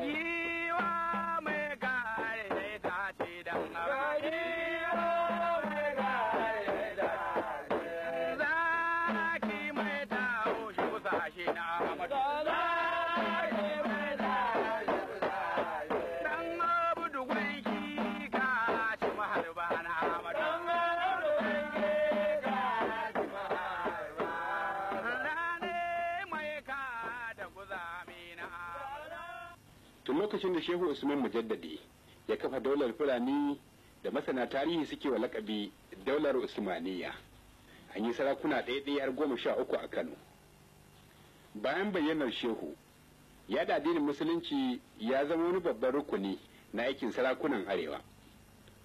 Yeah. lokacin da shehu usman mujaddadi ya kafa daular fulani da masana tarihi suke wa lakabi daular usmaniya an yi sarakuna ɗaya-ɗaya har goma sha uku a kano bayan bayyanar shehu ya da addinin musulunci ya zama wani babban rukuni na aikin sarakunan arewa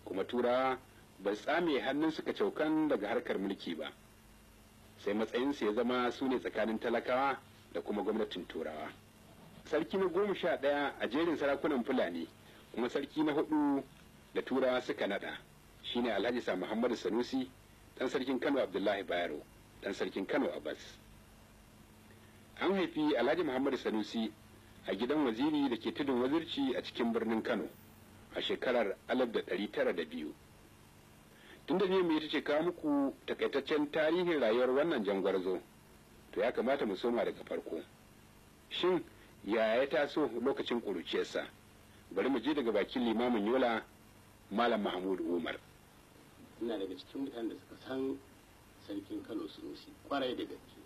kuma turawa ba su tsame hannun suka caukan daga harkar mulki ba sai matsayinsu ya zama su ne tsakanin talakawa da kuma gwamnatin turawa sarki na goma sha ɗaya a jerin sarakunan fulani kuma sarki na hudu da turawa suka nada shine alhaji sa muhammadu sanusi dan sarkin kano abdullahi bayero dan sarkin kano abbas an haifi alhaji muhammadu sanusi a gidan waziri da ke tudun wazirci a cikin birnin kano a shekarar da 1902 tun da mu ita ce kawo muku takaitaccen tarihin rayuwar wannan jangwarzo to ya kamata mu soma daga farko shin ya ya taso lokacin ƙuruciyarsa bari mu je daga bakin limamin yola malam mahmud umar ina daga cikin mutanen da suka san sarkin kano sunusi kwarai da gaske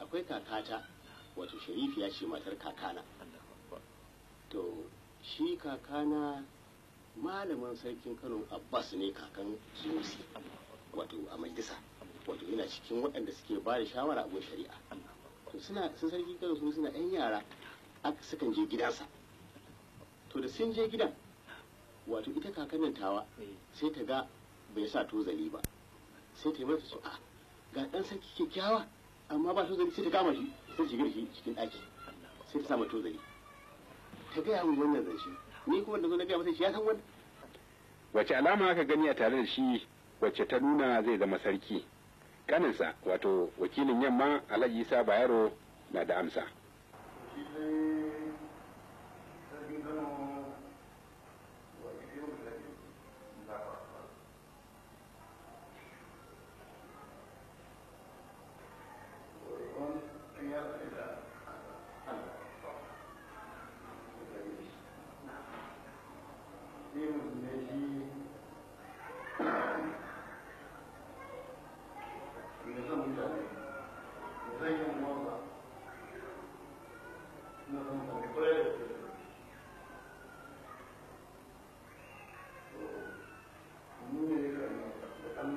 akwai kakata wato sharifi ya ce matar kakana to shi kakana malamin sarkin kano abbas ne kakan sunusi wato a majalisa wato yana cikin waɗanda suke ba da shawara a shari'a suna sun sarki kano sun suna yan yara aka sukan je gidansa to da sun je gidan wato ita kakannin tawa sai ta ga bai sa tozali ba sai ta yi mata su a ah, ga ɗan sarki kyakkyawa amma ba tozali sai ta kama shi sai shigar shi cikin ɗaki sai ta sama tozali ta gaya min wannan zance ni kuma da zo na gaya masa shi ya san wannan wace alama aka gani a tare da shi wacce ta nuna zai zama sarki kaninsa wato wakilin yamma alhaji isa bayero na da amsa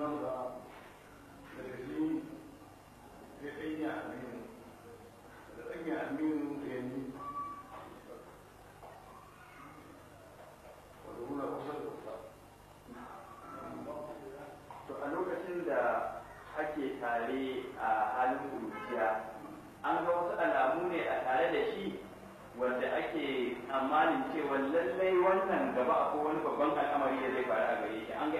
mu da da kusa kusa lokacin da ake tare a halin an ga wasu alamu ne a tare da shi wanda ake tsammanin cewa lallai wannan gaba akwai wani babban al'amari da zai faru a gare shi an ga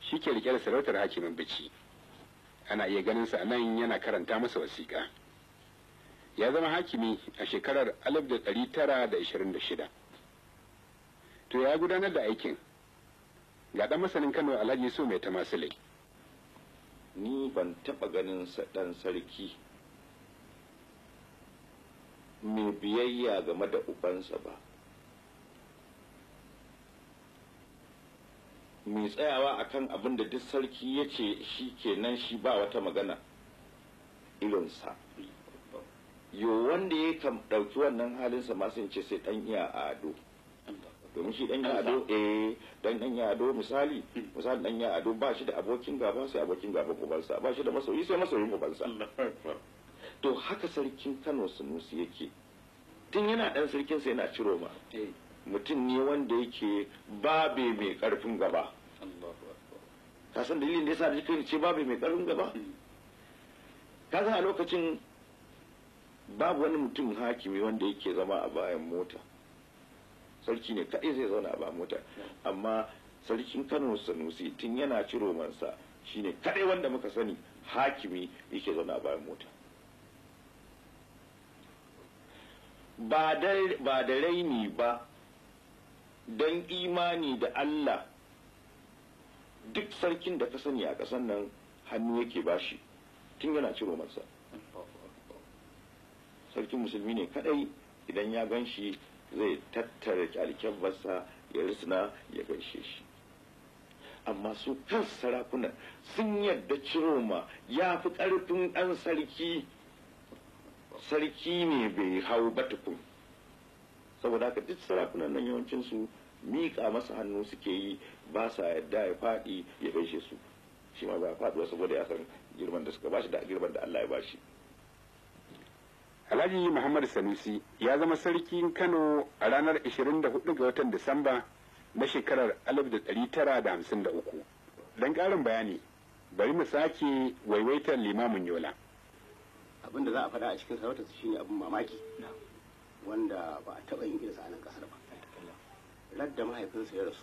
shi ke rike da sarautar hakimin bici ana iya ganin sa nan yana karanta masa wasiƙa ya zama hakimi a shekarar 1926 to ya gudanar da aikin ga ɗan masanin kano alhaji So mai tamasile ni ban taɓa ganin sa ɗan sarki mai biyayya game da ubansa ba mai tsayawa a kan abin da duk sarki ya ce shi kenan shi ba wata magana ilonsa yo wanda ya kan ɗauki wannan halinsa masu ce sai ɗan iya ado domin shi ɗan ado eh dan ɗan ado misali misali ɗan ado ba shi da abokin gaba sai abokin gaba ubansa ba shi da masoyi sai masoyin ubansa to haka sarkin Kano Sunusi yake tun yana ɗan sai yana ciro ma eh. mutum ne wanda yake babe mai ƙarfin gaba ka san dalilin da yasa da kai ce babu mai karfin gaba ka a lokacin babu wani mutum hakimi wanda yake zama a bayan mota sarki ne kaɗai zai zauna a bayan mota amma sarkin Kano Sanusi tun yana ciro Shi shine kaɗai wanda muka sani hakimi yake zauna a bayan mota ba da raini ba don imani da Allah duk sarkin da ka sani a ƙasar nan hannu yake bashi tun yana ciro masa sarkin musulmi ne kadai idan ya gan shi zai tattara basa ya risna ya gaishe shi amma su kan sarakunan sun yadda ciroma ya fi ƙarfin ɗan sarki sarki ne bai hau ba tukun saboda haka duk sarakunan nan yawancinsu miƙa masa hannu suke yi ba sa yadda ya faɗi ya gaishe su shi ma ba wasu saboda ya san girman da suka bashi da girman da Allah ya bashi Alhaji Muhammad Sanusi ya zama sarkin Kano a ranar 24 ga watan Disamba na shekarar 1953 don ƙarin bayani bari mu sake waiwaitar limamin yola abin da za a faɗa a cikin sarautarsa shine abin mamaki wanda ba a taɓa yin irinsa a nan ƙasar ba radda mahaifinsa ya rasu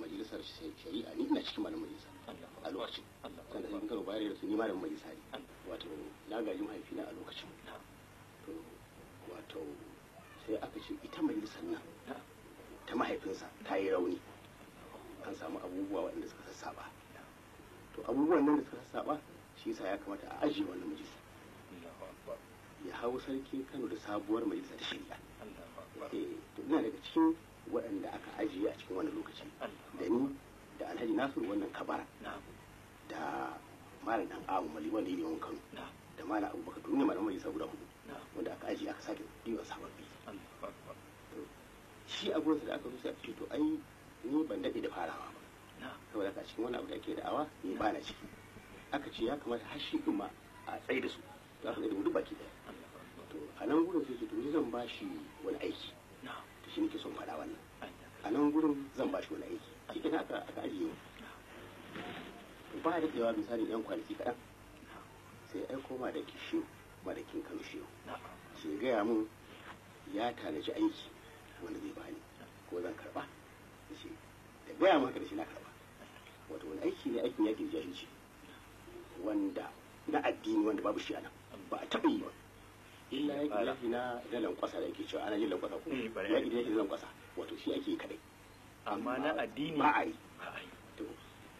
majalisar shari'a ni ina cikin malamin majalisa a lokacin sanda sai karo bayar da su ni malamin majalisa ne wato na gaji mahaifina a lokacin wato sai aka ce ita majalisar nan ta mahaifinsa ta yi rauni an samu abubuwa waɗanda suka sassaba to abubuwan nan da suka sassaba shi yasa ya kamata a ajiye wannan majalisa ya hau sarki kano da sabuwar majalisa ta shirya eh, ina daga cikin waɗanda aka ajiye a cikin wani lokaci da ni da alhaji nasiru wannan kabara da malam dan abu mali wanda ya yawan kano da malam abubakar to ne malamai sa guda hudu wanda aka ajiye aka sake diwa sababbi shi a gurinsa da aka zo sai a fito to ai ni ban daɗe da farawa ba saboda ka cikin wani abu da ake da'awa ni ba na ciki aka ce ya kamata har shi ma a tsaye da su za aka tsaye da mu duk baki ɗaya to a nan gurin sai su tuni zan ba shi wani aiki shi nake son faɗa wannan a nan gurin zan ba shi wani aiki cikin haka aka ajiye ba da kewa misalin yan kwanaki kaɗan sai aiko ma da kishin ma da kin kano shi ce gaya mun ya tanaji aiki wanda zai bani ko zan karɓa da shi da gaya maka da shi na karɓa wato wani aiki ne aikin yakin jahilci wanda na addini wanda babu shi a nan ba a taɓa yi ba illa yaki yaki na da lankwasa da yake cewa ana yin lankwasa ko eh, yaki da yaki na lankwasa wato shi ake kadai amma na addini ba a yi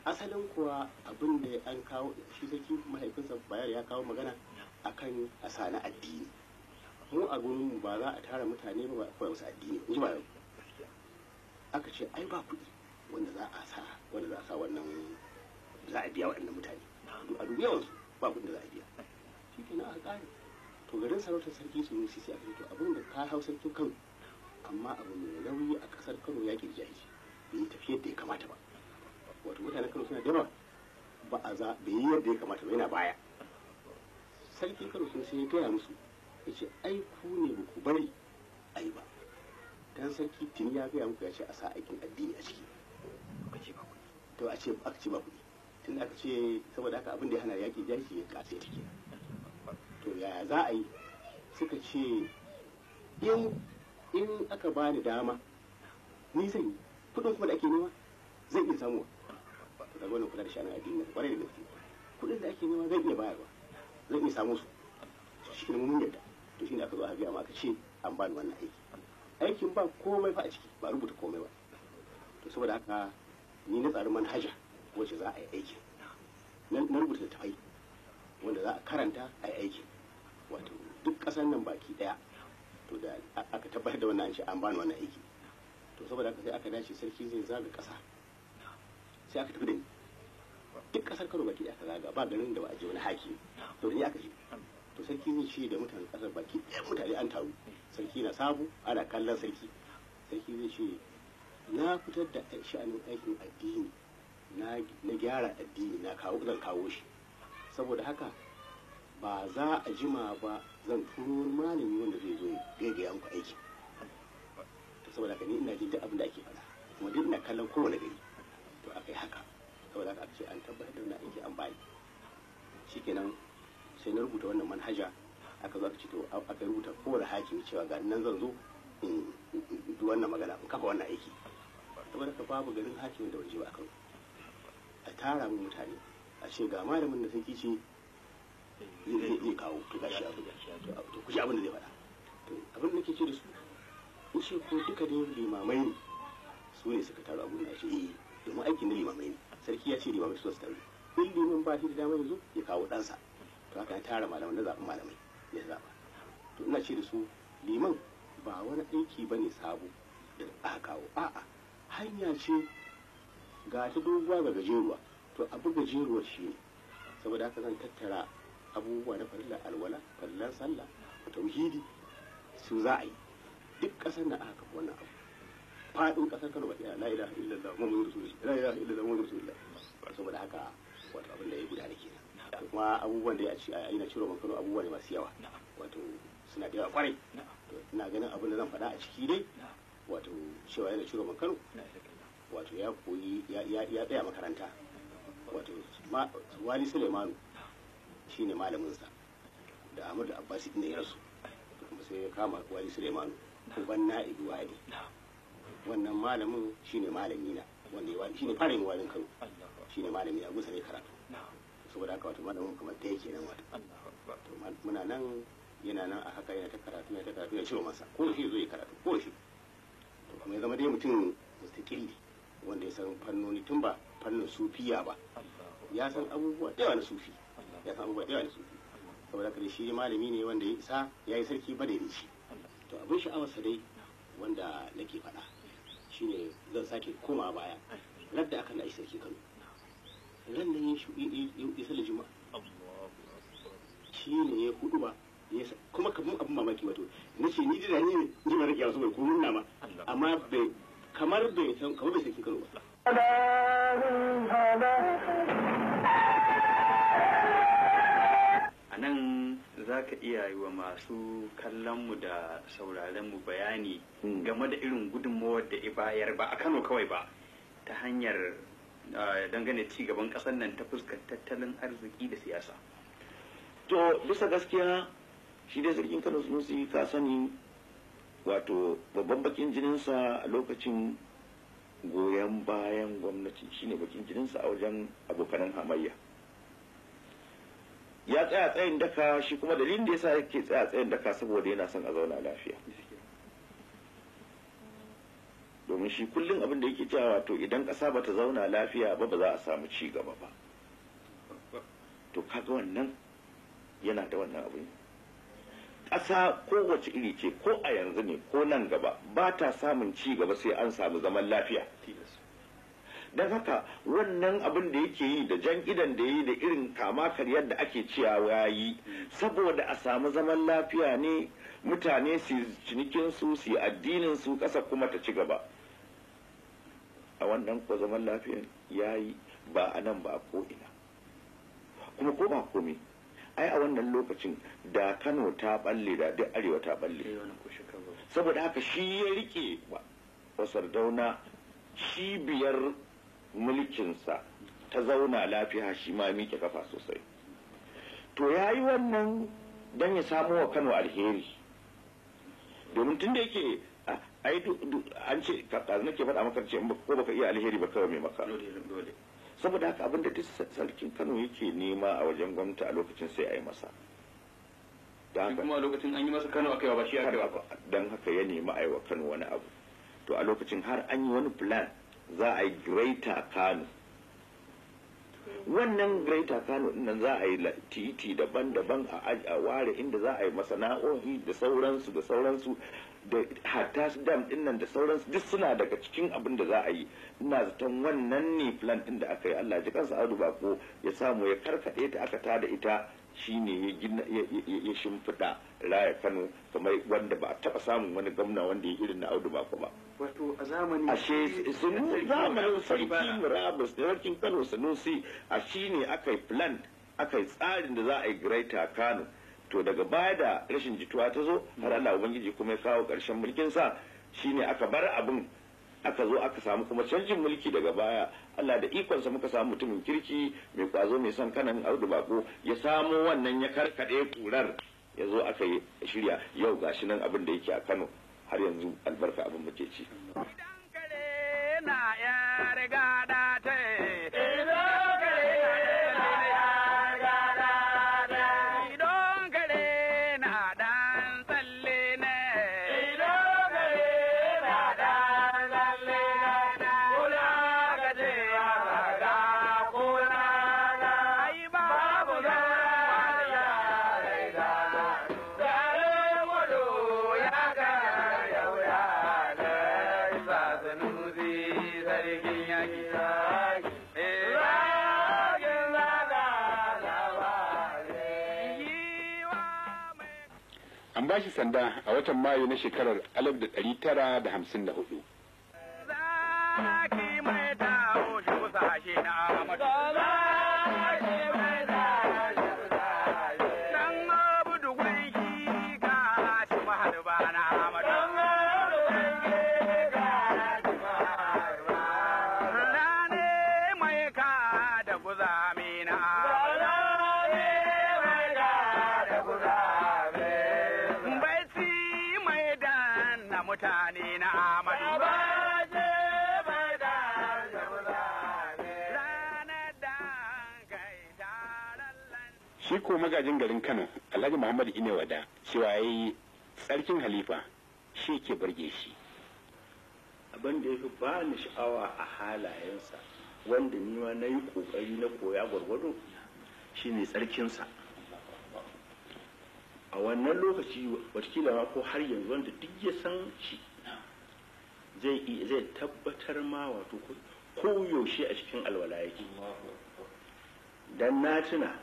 asalin kuwa abin da an kawo shi sarki mahaifinsa bayar ya kawo magana akan asa na addini mu a gurin ba za a tara mutane ba ba musu addini in ji ba aka ce ai ba kuɗi wanda za a sa wanda za a sa wannan za a biya waɗannan mutane a duk yawansu ba kuɗin da za a biya shi ke na aka to garin sarautar sarki sunusi sai a to abin da ka hau sarki kan amma abu mai nauyi a kasar kano ya ki jahi bai tafi da ya kamata ba wato mutanen kano suna da yawa ba a za bai yi yadda ya kamata ba yana baya sarki kano sun sai ya gaya musu ya ce ai ku ne ba ku bari a yi ba dan sarki tuni ya gaya muku ya ce a sa aikin addini a ciki ba ce ba kuɗi to a ce aka ce ba kuɗi tun aka ce saboda haka abin da ya hana yaƙi jahilci ya ƙasa ya take to yaya za a yi suka ce in in aka ba ni dama ni zan kudin kuma da ake nema zan iya samuwa to daga wannan kula da shanin addini kwarai da gaske kudin da ake nema zan iya bayarwa zan iya samu su shi ne mun yadda to ne aka zo a biya ma aka ce an ba ni wannan aiki aikin ba komai fa a ciki ba rubuta komai ba to saboda haka ni na tsari manhaja wacce za a yi aikin na rubuta fai wanda za a karanta a yi aikin wato duk ƙasar nan baki ɗaya to da aka tabbatar da wannan an ce an bani wannan aiki to saboda haka sai aka dace sarki zai zaga ƙasa sai aka tafi da ni duk ƙasar kano baki ɗaya aka zaga ba garin da ba a je wani haki to da ni aka je to sarki zai ce da mutanen ƙasar baki ɗaya mutane an taru sarki na sabu ana kallon sarki sarki zai ce na fitar da sha'anin aikin addini na gyara addini na kawo zan kawo shi saboda haka ba za a jima ba zan turo wani malami wanda zai zo ga yanku aiki to saboda ka ni ina jin duk abin da ake faɗa kuma duk ina kallon kowane gari to aka yi haka saboda ka ce an tabbatar da wannan aiki an bayi shikenan sai na rubuta wannan manhaja aka zo aka ce to aka rubuta kowane hakimi cewa ga nan zan zo in duk wannan magana in kafa wannan aiki saboda ka babu garin hakimin da waje ba akan a tara mu mutane a ce ga malamin da sun kici zai kawo to gashi abu to kushi abin da zai faɗa to abin da ke ce da su in shi ko duka dai limamai ne su ne suka taru a gurin ya ce eh domin aikin da limamai ne sarki ya ce limamai su taru in liman ba shi da damar yanzu ya kawo ɗansa to haka ya tara malamai na zaɓin malamai ya zaɓa to ina ce da su liman ba wani aiki ba ne sabo da aka kawo a'a hanya ce ga ta doguwa ga gajeruwa to abu gajeruwar shi ne saboda haka zan tattara abubuwa na farilla alwala farillan sallah tauhidi su za a yi duk ƙasar da aka kafa wannan abu faɗin ƙasar Kano ba la ilaha illallah muhammadu rasulullah la ilaha illallah muhammadu rasulullah saboda haka wato abin da ya da kenan kuma abubuwan da ya ci a ina ciro man Kano abubuwa ne masu yawa wato suna da yawa kwarai to ina ganin abin da zan faɗa a ciki dai wato cewa yana ciro man Kano wato ya koyi ya tsaya makaranta wato wani Sulaimanu shine malaminsa da da Abbasi din ya rasu kuma sai ya kama Wali Suleiman uban Na'ib Wali wannan malamin shine malami na wanda ya wali shine farin walin Kano shine malami a gusa ne karatu saboda haka wato malamin kamar ta yake nan wata muna nan yana nan a haka yana ta karatu yana ta karatu ya ciro masa ko shi zo ya karatu ko shi to kuma ya zama dai mutum mustaqili wanda ya san fannoni tun ba fannin sufiya ba ya san abubuwa da yawa na sufi ya samu ba da yawa da sufi saboda kare shi malami ne wanda ya isa ya yi sarki ba da shi to abin sha'awarsa dai wanda nake faɗa shine zan sake koma baya da aka na sarki kano ran da yin isa da juma'a shi ne ya hudu ba kuma kamar abin mamaki wato na ce ni jira ne ji mara kyau saboda nuna nama amma kamar bai san kamar bai sarki kano ba za ka iya yi wa masu kallonmu da sauraronmu bayani hmm. game da irin gudunmawar da bayar ba a kano kawai ba ta hanyar dangane ci gaban kasar nan ta fuskar tattalin arziki da siyasa to bisa gaskiya shi dai sarkin kano sunusi ka sani wato babban bakin jininsa a lokacin goyon bayan gwamnati shine bakin jininsa a wajen abokanan hamayya ya tsaya tsayin daka shi kuma dalilin da ya sa yake tsaya tsayin daka saboda yana son a zauna lafiya domin shi kullum abin da yake cewa to idan ƙasa bata zauna lafiya ba ba za a samu ci gaba ba to kaga wannan yana da wannan abin ƙasa kowace iri ce ko a yanzu ne ko nan gaba ba ta samun ci gaba sai an samu zaman lafiya don haka wannan abin da yake yi da jan idan da yi da irin kama karyar da ake ciya ya saboda a samu zaman lafiya ne mutane su cinikin su su addinin su ƙasa kuma ta ci gaba a wannan ko zaman lafiyan ya yi ba a nan ba a ko'ina kuma ko ba komi ai a wannan lokacin da kano ta balle da duk arewa ta balle eh, saboda haka shi ya rike wasar dauna cibiyar mulkinsa ta zauna lafiya shi ma miƙe kafa sosai to ya yi wannan don ya samu wa kano alheri domin tun da yake ai an ce kazu ke faɗa maka ce ko baka iya alheri ba kawai mai maka saboda haka abinda duk sarkin kano yake nema a wajen gwamnati a lokacin sai a yi masa kuma lokacin an yi masa kano aka yi ba shi aka ba don haka ya nemi wa kano wani abu to a lokacin har an yi wani plan za a yi greater kano wannan greater kano nan za a yi titi daban-daban a ware inda za a yi masana'o'i da sauransu da sauransu da hatta su dam din nan da sauransu duk suna daga cikin abin da za a yi ina zaton wannan ne plan din da aka yi Allah ji kansa adu ko ya samu ya karkade ta aka tada ita shine ya shimfiɗa raya Kano kamar wanda ba a taɓa samun wani gwamna wanda ya irin na Audu Bako ba. wato a zamanin ashe sunu zamanin da sarkin kano sanusi a shi ne aka yi plan tsarin da za a yi greater kano to daga baya da rashin jituwa ta zo har Allah ubangiji kuma ya kawo karshen mulkin sa shine aka bar abin aka zo aka samu kuma canjin mulki daga baya Allah da ikon sa muka samu mutumin kirki mai kwazo mai son kanan audu bako ya samo wannan ya karkade kurar ya zo aka yi shirya yau gashi nan abin da yake a Kano har yanzu albarka abin muke ci. Idan kare na ya riga da ta bashi sanda a watan Mayu na shekarar 1954 ko magajin garin Kano Alhaji inewa da cewa yayi tsarkin halifa shi ke burge shi abin da ya fi ba ni sha'awa a halayensa wanda ni ma na yi ƙoƙari na koya gwargwado shine tsarkinsa a wannan lokaci watakila ma ko har yanzu wanda duk ya san shi zai zai tabbatar ma wato ko yaushe a cikin alwala yake dan na tuna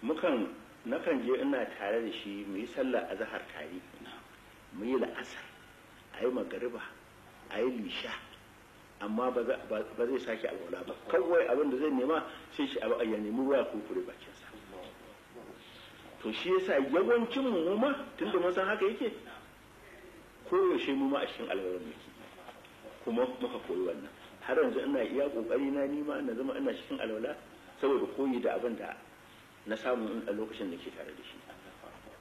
mukan nakan je ina tare da shi mu yi sallah a zahar tare mu yi la'asar a yi magariba a yi lisha amma ba zai sake alwala ba kawai abin da zai nema sai shi abu ya nemi ruwa ko kure bakinsa to shi yasa yawancin mu ma tunda mun san haka yake yaushe mu ma a cikin alwalar muke kuma muka koyi wannan har yanzu ina iya kokari na nima na zama ina cikin alwala saboda koyi da abin da na samu a lokacin da ke tare da shi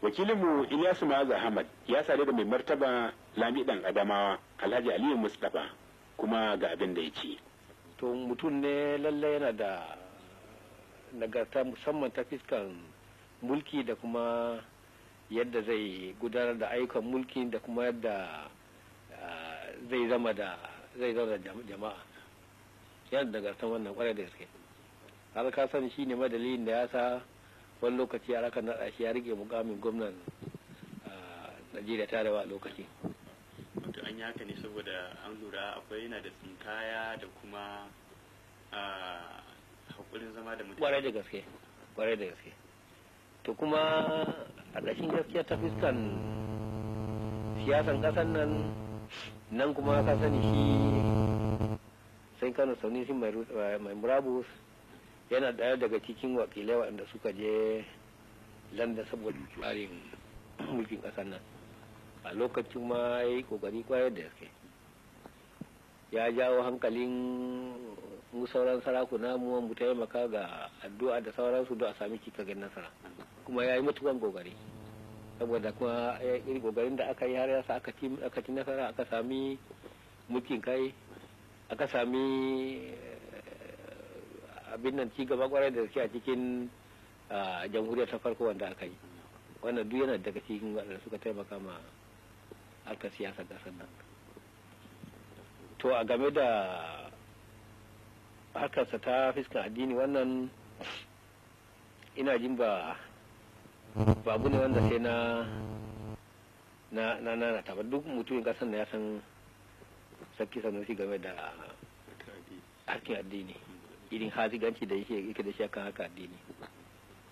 wakilinmu Ilyasu Ma'az Ahmad ya sare da mai martaba Lami dan Adamawa Alhaji Aliyu Mustapha kuma ga abin da ya ce to mutum ne lallai yana da nagarta musamman ta fiskan mulki da kuma yadda zai gudanar da ayyukan mulki da kuma yadda ah, zai zama da zai zama da jama'a yana da nagarta wannan kwarai da gaske har ka sani shine madalilin da ya sa wani lokaci ya raka naɗa shi ya rike mukamin gwamnan najeriya ta rawa a lokacin wato an yi haka ne saboda an lura akwai yana da tsinkaya da kuma haƙurin zama da mutane kwarai da gaske kwarai da gaske to kuma a ƙashin gaskiya ta fuskan siyasan ƙasan nan nan kuma ka sani shi sai kano sauni shi mai murabus yana daya daga cikin wakilai waɗanda suka je landa saboda tsarin mulkin ƙasar nan a lokacin ma ya yi ƙoƙari kwayar da yake ya jawo hankalin mu sauran sarakuna mu mu taimaka ga addu'a da sauransu don a sami cikakken nasara kuma ya yi matukan ƙoƙari saboda kuma ya irin ƙoƙarin da aka yi har yasa aka ci nasara aka sami mulkin kai aka sami abin nan ci gaba kwarai da gaske a cikin jamhuriyar ta farko wanda aka yi wannan duk yana daga cikin wadanda suka taimaka ma harkar siyasar kasar nan to a game da harkarsa ta fiskan addini wannan ina jin ba babu ne wanda sai na na na na duk mutumin kasar na ya san sarki sanusi game da harkin addini irin haziganci da yake da shi haka addini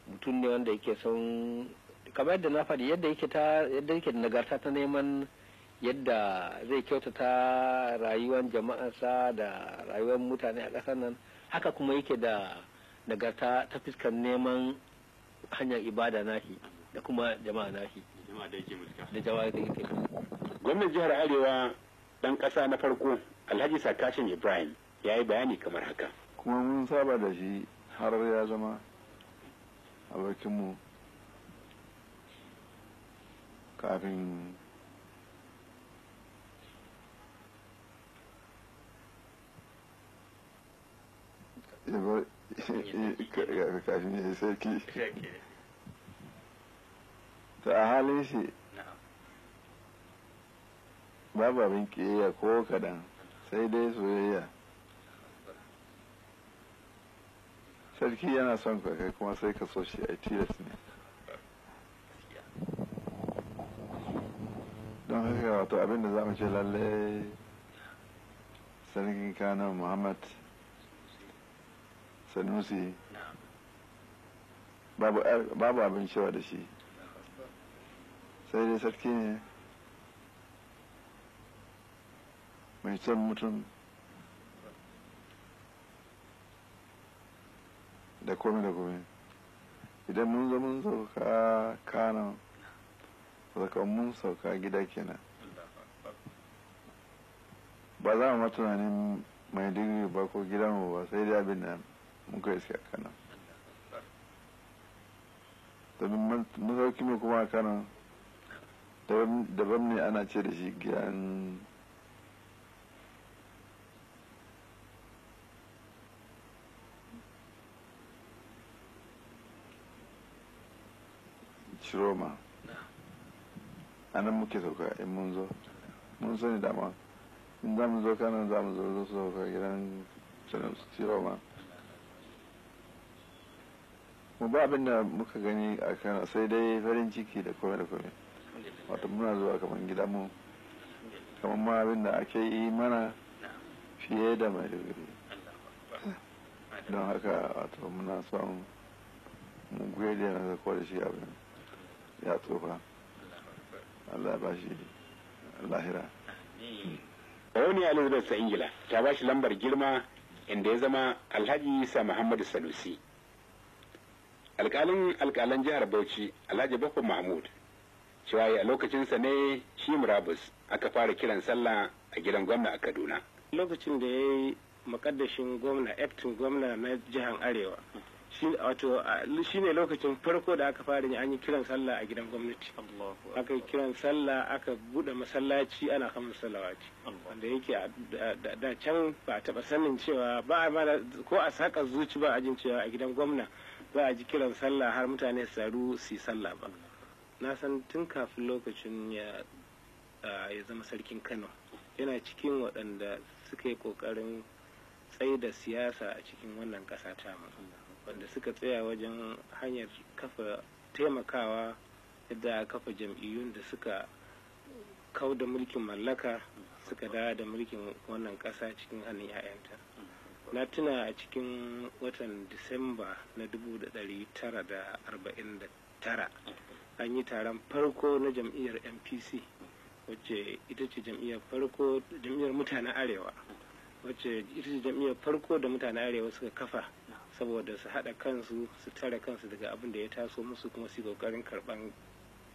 mutum ne wanda yake son kamar yadda na faɗi yadda yake ta yadda yake da nagarta ta neman yadda zai kyautata rayuwar jama'arsa da rayuwar mutane a ƙasar nan haka kuma yake da nagarta ta fuskar neman hanyar ibada nashi da kuma jama'a nashi da jama'a da yake gwamnan jihar arewa dan ƙasa na farko alhaji sakashin ibrahim ya yi bayani kamar haka kuma mun saba da shi har ya zama abokinmu kafin kafin ya sarki ta a halin shi babu abin ƙiyayya ko kadan sai dai soyayya sarki yana son ka kai kuma sai ka so shi a tilas ne don haka wato abinda za mu ce lalle sarkin kano muhammad sanusi babu abin cewa da shi sai dai sarki ne mai son mutum da kome da kome idan mun zo mun sauka kana sauka mun sauka gida kenan ba za mu tunanin mai digiri ba ko gidanmu ba sai dai abin da muka iske a kano. domin masauki mai kuma a da daban ne ana ce da shi gidan shiroma a nan muke sauka in mun zo mun sani dama in za mu zo kanan za mu zo zo sauka gidan sanin shiroma mu ba abin da muka gani a kan sai dai farin ciki da kome da kome wato muna zuwa kamar gida mu kamar ma abin da ake yi mana fiye da mai dogari don haka wato muna son mu gwede na da shi abin ya tsofa Allah ya bashi lahira Rauniya Elizabeth ta Ingila ta shi lambar girma inda ya zama Alhaji Isa Muhammadu Sanusi. Alƙalin alkalan jihar Bauchi Alhaji Baffa Mahmud cewa a lokacinsa ne shi murabus aka fara kiran sallah a gidan gwamna a Kaduna. Lokacin da ya yi makaddashin gwamna, ektin gwamna na jihar Arewa. shi ne lokacin farko da aka fara an yi kiran sallah a gidan gwamnati aka yi kiran sallah aka buɗe masallaci ana kamar salawati wanda yake da can ba a taba sanin cewa ba a mana ko a saka zuci ba a jin cewa a gidan gwamna ba a ji kiran sallah har mutane su saru su yi sallah ba na san tun kafin lokacin ya zama sarkin kano yana cikin waɗanda suka yi ƙoƙarin tsaida siyasa a cikin wannan ƙasa ta wanda suka tsaya wajen hanyar kafa taimakawa yadda a kafa jam'iyyun da suka kau da mulkin mallaka suka dawo da mulkin wannan ƙasa cikin hannun 'ya'yanta na tuna a cikin watan disamba na 1949 an yi taron farko na jam'iyyar mpc wacce ita ce jam'iyyar farko jam'iyyar mutanen arewa wacce ita ce jam'iyyar farko da mutanen arewa suka kafa saboda su haɗa kansu su tare kansu daga abin da ya taso musu kuma su ƙoƙarin karɓan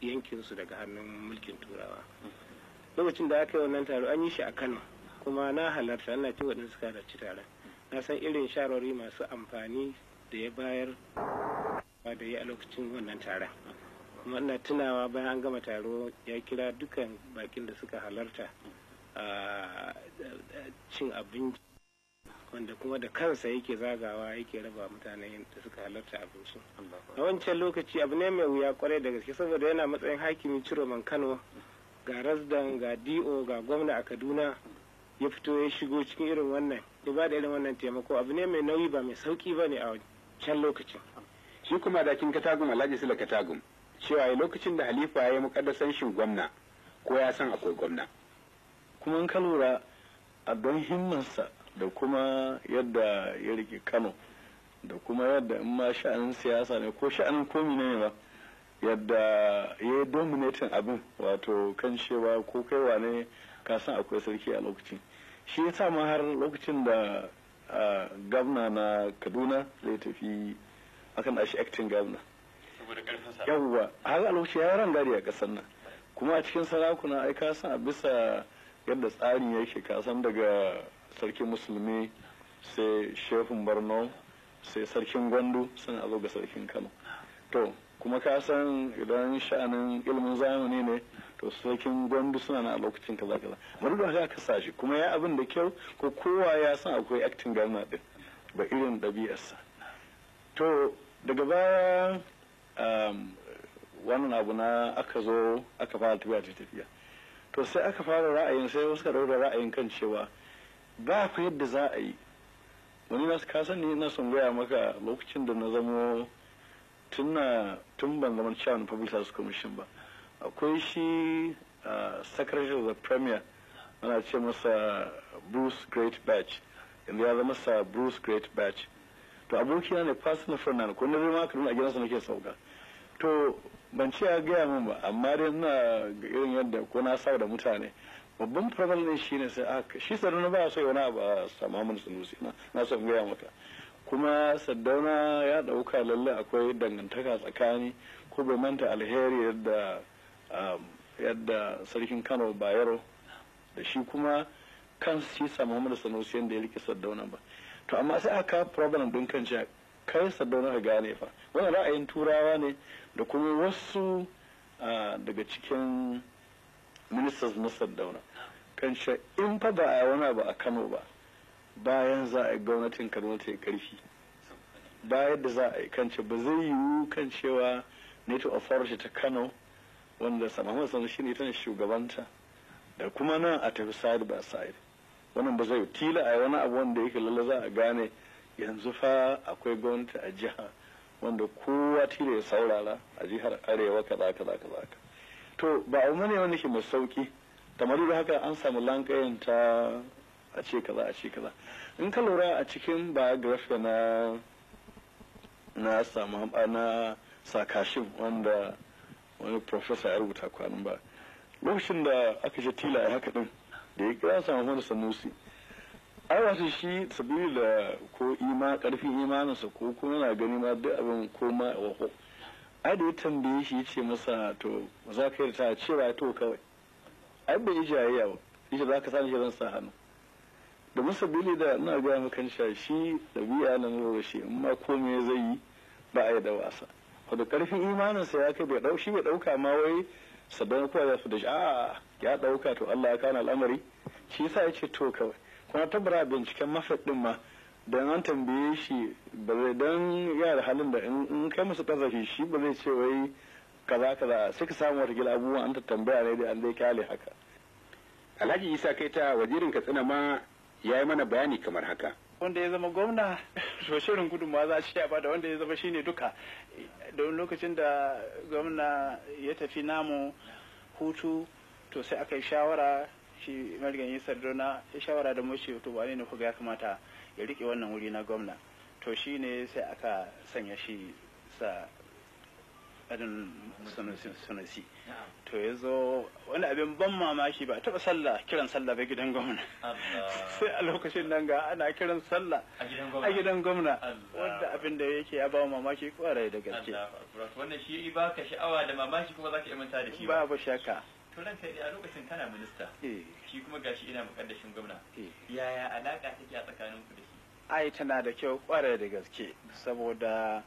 yankinsu daga hannun mulkin turawa lokacin da aka yi wannan taro an yi shi a kano kuma na halarta ana ci waɗanda suka halarci taron na san irin sharori masu amfani da ya bayar da ya a lokacin wannan taron kuma ina tunawa bayan an gama taro ya kira dukkan bakin da suka halarta a ah, cin abinci wanda kuma da kansa yake zagawa yake raba mutane da suka halarta abinci a wancan lokaci abu ne mai wuya kwarai da gaske saboda yana matsayin hakimin man kano ga rasdan ga do ga gwamna a kaduna ya fito ya shigo cikin irin wannan ya ba da irin wannan taimako abu ne mai nauyi ba mai sauki ba ne a can lokacin shi kuma kin katagum alhaji sula katagum cewa ya lokacin da halifa ya yi mukaddasan shin gwamna ko ya san akwai gwamna kuma in ka lura a don himmansa da kuma yadda ya rike kano da kuma yadda in ma sha'anin siyasa ne ko sha'anin komi ne ba yadda ya yi dominatin abin wato kan cewa ko kaiwa ne kasan akwai sarki a lokacin shi ya sa ma har lokacin da gwamna na kaduna zai tafi akan shi acting gwamna yawwa har a lokacin ya rangari a kasar nan kuma a cikin sarakuna ai kasan a bisa yadda tsarin yake kasan daga sarkin musulmi sai shefin barno sai sarkin gwandu sun a zo ga sarkin kano to kuma ka san idan sha'anin ilimin zamani ne to sarkin gwandu suna na a lokacin kaza kaza bari da haka sa shi kuma ya abin da kyau ko kowa ya san akwai aktin garna din ba irin ɗabi'arsa to daga baya um, wannan abu na aka zo aka fara tafiya tafiya to sai aka fara ra'ayin sai wasu ka ra'ayin kan cewa ba ku yadda za a yi wani nasu kasan ne ina son gaya maka lokacin da na zamo tunna tun ban zaman chairman public service commission ba akwai shi secretary of the premier ana ce masa bruce great batch yanzu ya zama sa bruce great batch to abokina ne personal friend na ko ne zai ma kaduna a gidansa nake sauka to ban ce ya gaya min ba amma dai ina irin yadda ko na sa da mutane babban problem ne shi ne sai aka shi sardauna ba so wani abu a samamun sunusi na na son gaya maka kuma sadauna ya dauka lalle akwai dangantaka tsakani ko bai manta alheri yadda um, yadda sarkin Kano Bayero da shi kuma kan shi samamun sunusi yadda ya rike sardauna ba to amma sai aka problem din kan cewa kai sadauna ka gane fa wannan ra'ayin turawa ne da kuma wasu uh, daga cikin ministers na Sardauna kan cewa in fa ba a wani ba a Kano ba bayan za a yi gwamnatin Kano ta yi karfi bayan da za a yi kan ba zai yiwu kan cewa NATO authority ta Kano wanda samamman Sanu shi ne tana shugabanta da kuma nan a tafi side by side wannan ba zai tila a yi wani abu wanda yake lalla za a gane yanzu fa akwai gwamnati a jiha wanda kowa tila ya saurara a jihar arewa kaza kaza kaza to ba abu ne wani shi mai sauki tamari da haka an samu lankayen ta a ce kaza a ce kaza in ka lura a cikin biography na na samu na sakashin wanda wani professor ya rubuta kwanan ba lokacin da aka ce tila ya haka din da ya kira samu wani sanusi ai wasu shi sabili da ko ima karfin imaninsa ko kuma na gani ma duk abin koma a waho ado ya tambaye shi ya ce masa to za ka yi ta cewa to kawai ai bai yi jayayya ba yace za ka sani shi sa hannu domin sabili da ina gaya maka cewa shi ɗabi'a na nuna shi in ma komai zai yi ba a yi da wasa wato karfin imaninsa ya kai bai ɗau shi bai ɗauka ma wai sabbin kuwa za su da shi a ya ɗauka to Allah ya kana al'amari shi yasa ya ce to kawai kuma tabbara binciken mafaɗin ma don an tambaye shi ba zai don yara halin da in kai masa kazafi shi ba zai ce wai kaza kaza sai ka samu wata gila an ta tambaya ne da an zai kyale haka alhaji isa kai ta wazirin katsina ma ya yi mana bayani kamar haka wanda ya zama gwamna to shirin gudunmawa za shi ba da wanda ya zama shine duka don lokacin da gwamna ya tafi namu hutu to sai aka yi shawara shi margan yi sardona ya shawara da mace to wane ne kuga ya kamata ya rike wannan wuri na gwamna to shi ne sai aka sanya shi sa adin sunusi to ya zo wani abin ban mamaki ba taɓa sallah kiran sallah ba gidan gwamna sai a lokacin nan ga ana kiran sallah a gidan gwamna wanda abin da yake ya ba mamaki kwarai da gaske wannan shi ba ka sha'awa da mamaki kuma za ka imanta da shi ba babu to ranka a lokacin kana minista eh. shi kuma gashi ina mukaddashin gwamna eh. yaya alaka take a tsakanin ku da shi ai tana da kyau kware da gaske saboda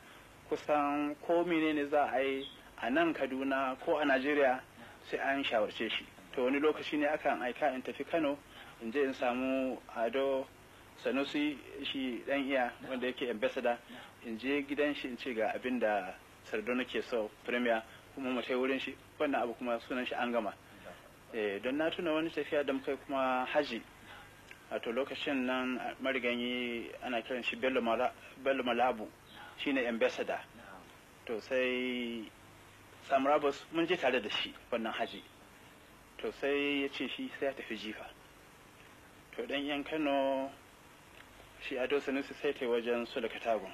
kusan ko menene za a yi a nan kaduna ko a najeriya sai an shawarce shi to wani lokaci ne akan aika in tafi kano in je in samu ado sanusi shi dan iya wanda yake ambassador in je gidan shi in ce ga abin da sardauna ke so premier kuma mu wurin shi wannan abu kuma sunan shi an gama eh, don na tuna wani tafiya da muka kuma haji wato lokacin nan mariganyi ana kiran shi bello malabu shine ambassador to sai samurabus mun je tare da shi wannan haji to sai ya ce shi sai ya tafi jifa to dan yan kano shi ado sanusi sai ta wajen su da katagun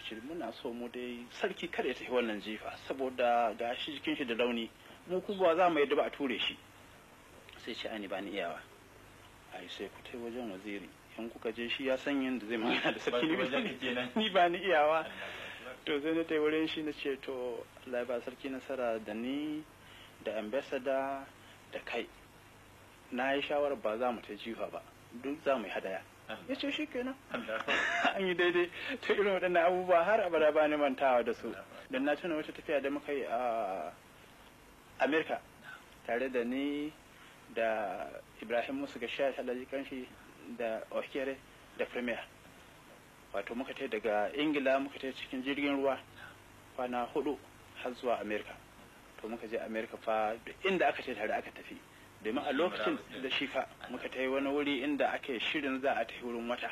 shirin muna so mu dai sarki kada ya tafi wannan jifa saboda ga shi jikin shi da rauni mu kuma ba za mu yadda ba a ture shi sai ce ani ba ni iyawa ai sai ku tai wajen waziri in kuka je shi ya san yadda zai magana da sarki ni ba ni iyawa to sai na tai wurin shi na ce to Allah ba sarki nasara da ni da ambassada da kai na yi shawarar ba za mu ta jifa ba duk za mu yi hadaya ya ce shi kenan an yi daidai ta irin waɗannan abubuwa har abada ba ni mantawa da su don na tuna wata tafiya da muka yi a amerika tare da ni da ibrahim musu ga shayar alhaji kanshi da okere da premier wato muka tafi daga ingila muka tafi cikin jirgin ruwa kwana hudu har zuwa amerika to muka je amerika fa inda aka ce tare aka tafi domin a lokacin da shifa muka ta yi wani wuri inda ake shirin za a ta wurin wata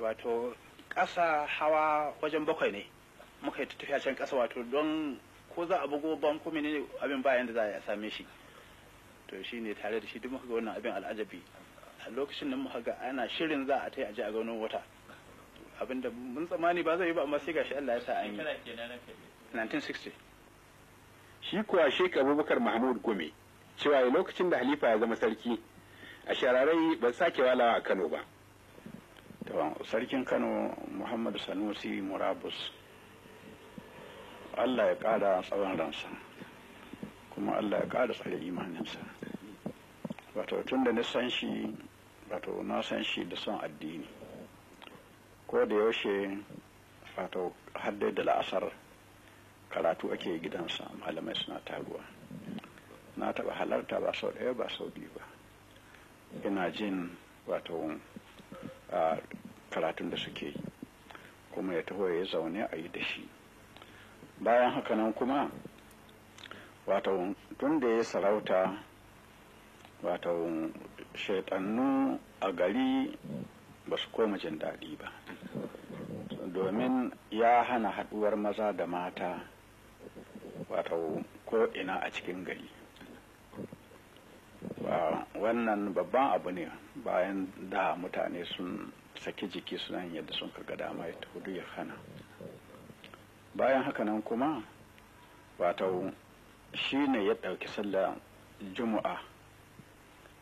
wato ƙasa hawa wajen bakwai ne muka yi tafiya can ƙasa wato don ko za a bugo ban ko ne abin bayan da za a same shi to shi ne tare da shi duk muka ga wannan abin al'ajabi a lokacin nan muka ga ana shirin za a ta yi a ji a gaunin wata abinda mun tsammani ba zai yi ba amma sai gashi Allah ya sa an yi 1960 shi kuwa Sheikh Abubakar Mahmud Gome cewa lokacin da halifa ya zama sarki a shararai ba sake walawa a kano ba sarkin kano muhammadu sanusi murabus allah ya kada tsawon ransa kuma allah ya kada tsare imaninsa wato tun da na san shi wato na shi da son addini ko da yaushe wato haddai da la'asar karatu ake gidansa malamai suna taruwa na taɓa halarta ba sau ɗaya ba sau biyu ba ina jin wato karatun da suke yi kuma ya taho ya zaune a yi da shi bayan haka nan kuma wato tun da ya sarauta wato shaitannu a gari ba su koma jin daɗi ba domin ya hana haɗuwar maza da mata wato ko ina a cikin gari wannan babban abu ne bayan da mutane sun saki jiki nan yadda sun kaga dama ya hudu ya hana bayan hakanan kuma wato shi ne ya ɗauki sallah juma'a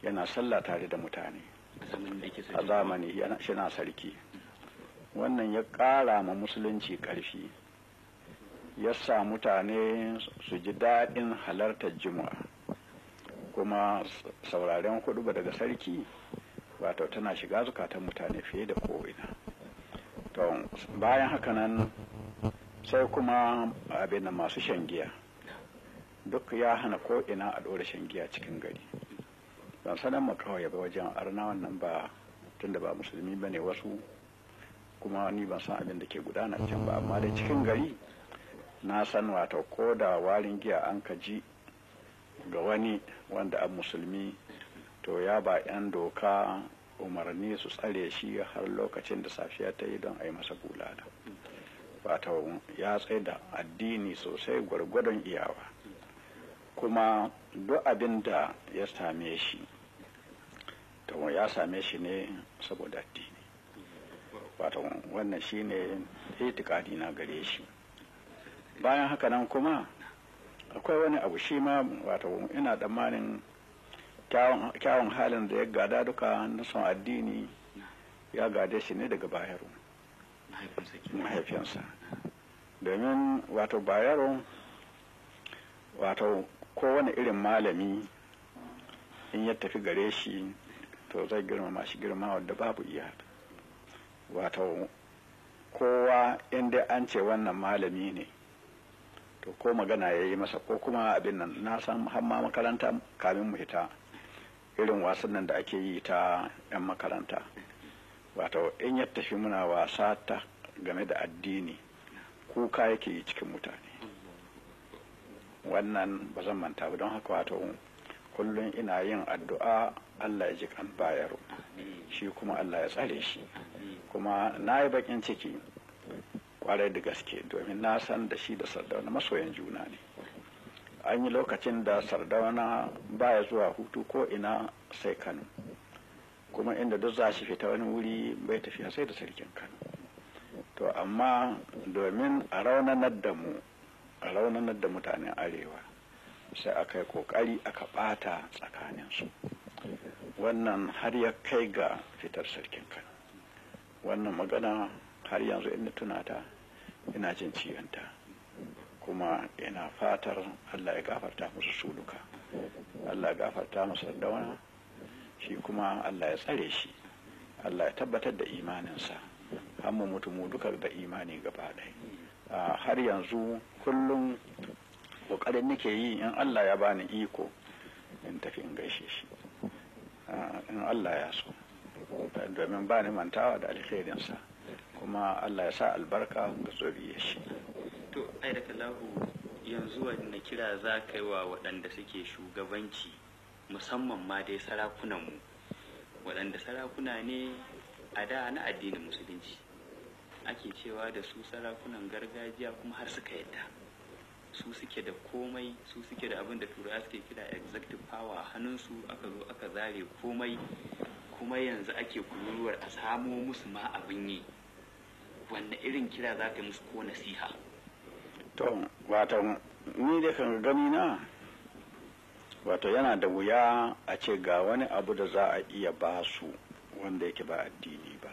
yana sallah tare da mutane a zamani yana sarki wannan ya ƙara ma musulunci ƙarfi ya sa mutane su ji daɗin halartar juma'a kuma sauraren hudu ba daga sarki wato tana shiga zukatan mutane fiye da ko'ina to bayan haka nan sai kuma abin da masu shan giya duk ya hana ko'ina a ɗora shan giya cikin gari ban sanar mu kawai ba wajen arna wannan ba tunda ba musulmi ba ne wasu kuma ni ban san abin da ke gudana can ba amma da cikin gari na san wato ko da warin giya an ka ji ga wani wanda an musulmi to ya ba 'yan doka umarni su tsare shi har lokacin da safiya ta yi don a yi masa bulala fata ya tsaye da addini sosai gwargwadon iyawa kuma duk abin da ya same shi to ya same shi ne saboda addini fata wannan shi shine itikadi na gare shi bayan haka nan kuma akwai wani abu shi ma wato ina tsammanin kyawun halin da ya gada duka na son addini ya gade shi ne daga bayero mahaifiyansa domin wato bayero wato kowane irin malami in ya tafi gare shi to zai girmama shi girma wadda babu iya wato kowa inda an ce wannan malami ne to ko magana ya yi masa ko kuma abin nan na san hamma makaranta kamin mu hita irin wasan nan da ake yi ta 'yan makaranta wato in ya tafi muna wasa ta game da addini kuka yake yi cikin mutane wannan ba zan manta ba don haka wato kullum ina yin addu'a Allah ya ji kan bayar shi kuma Allah ya tsare shi kuma na yi bakin ciki kwarai da gaske domin na san da shi da sardauna masoyan juna ne an yi lokacin da sardauna baya zuwa hutu ko ina sai kano kuma inda duk za shi fita wani wuri bai tafiya sai da sarkin kano to amma domin a raunanar da mu a raunanar da mutanen arewa sai aka yi kokari aka bata tsakaninsu wannan har ya kai ga fitar sarkin kano wannan magana har yanzu inda tunata ina jin ciwonta kuma ina fatar allah ya gafarta musu suluka duka allah ya gafarta musu dauna shi kuma allah ya tsare shi allah ya tabbatar da imaninsa amma mu mutu mu duka da imani gaba ɗaya har yanzu kullum ƙoƙarin nake yi in allah ya bani iko in tafi in gaishe shi in allah ya so domin bani mantawa da alherinsa. kuma Allah ya sa albarka ga ya shi to ai da kallahu yanzu wanne kira za ka yi wa waɗanda suke shugabanci musamman ma dai sarakunanmu waɗanda sarakuna ne a da na addinin musulunci ake cewa da su sarakunan gargajiya kuma har suka yadda su suke da komai su suke da abin da turawa suke kira executive power hannunsu aka zo aka zare komai kuma yanzu ake kururuwar a samo musu ma abin yi wanne irin kira za ka yi musu ko nasiha to wato ni da kan gani na wato yana da wuya a ce ga wani abu da za a iya ba su wanda yake ba addini ba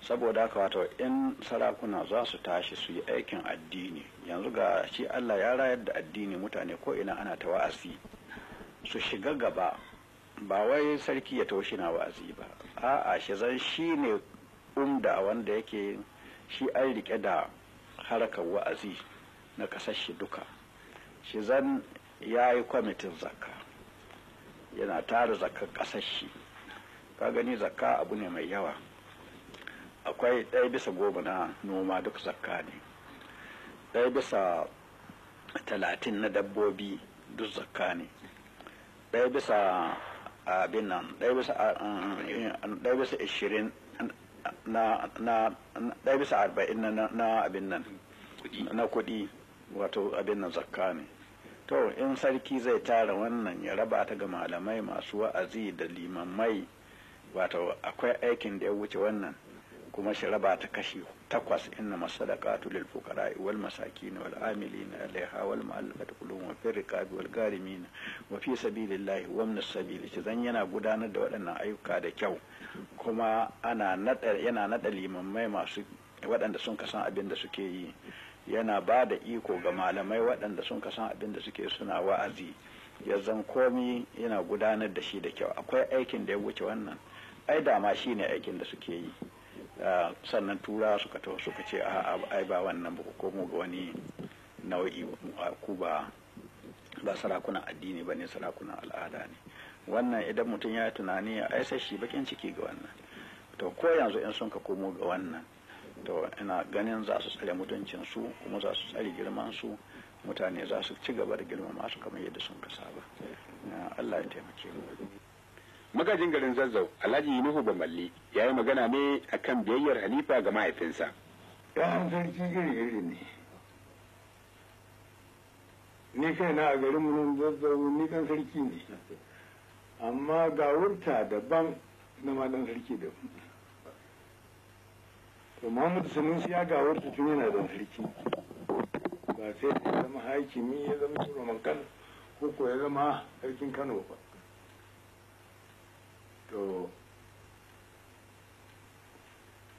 saboda haka wato in sarakuna za su tashi su yi aikin addini yanzu ga shi allah ya rayar da addini mutane ko ina ana ta wa'azi su shiga gaba ba wai sarki ya taushe na wa'azi ba a'a shi zan shi ne umda wanda yake shi an rike da harkar wa'azi na kasar shi duka shi zan ya yi kwamitin zakka yana tara zakkar kasar shi ka gani zakka abu ne mai yawa akwai ɗaya bisa goma na noma duk zakka ne ɗaya bisa talatin na dabbobi duk zakka ne ɗaya bisa abin nan ɗaya bisa ah, mm, mm, ashirin na na ɗaya bisa arba'in na abin nan na kuɗi wato abin nan zakka ne to in sarki zai tara wannan ya raba ta ga malamai masu wa'azi da limamai wato akwai aikin da ya wuce wannan kuma shi ta kashi takwas inna masadaqatu lil fuqara wal masakin wal amilin alaiha wal mu'allafati qulubum fi riqabi wal garimin wa fi sabilillahi wa min sabil shi zan yana gudanar da waɗannan ayyuka da kyau kuma ana nada yana nada limammai masu waɗanda sun kasan abin da suke yi yana ba da iko ga malamai waɗanda sun kasan abin da suke suna wa'azi ya zan komi yana gudanar da shi da kyau akwai aikin da ya wuce wannan ai dama shi ne aikin da suke yi Ah, sannan tura suka taho suka ce a ai ba wannan ba ko mu ga wani nau'i ku ba ba sarakunan addini ba ne sarakunan al'ada ne wannan idan mutum ya tunani a aisa shi bakin ciki ga wannan to ko yanzu in sun ka komo ga wannan to ina ganin za su tsare mutuncinsu kuma za su tsare girmansu mutane za su ci gaba da girmama su kamar yadda sun ka saba ah, Allah ya taimake mu magajin garin zazzau alhaji nuhu bamalli ya yi magana ne a kan biyayyar halifa ga mahaifinsa ya'an sarki gari gari ne ni kai na a garin murin zazzau ni kan sarki ne amma ga wurta daban na madan sarki daban to muhammadu sanusi ya ga wurta tun yana da sarki ba sai ya zama hakimi ya zama shugaban kano ko ko ya zama sarkin kano ba to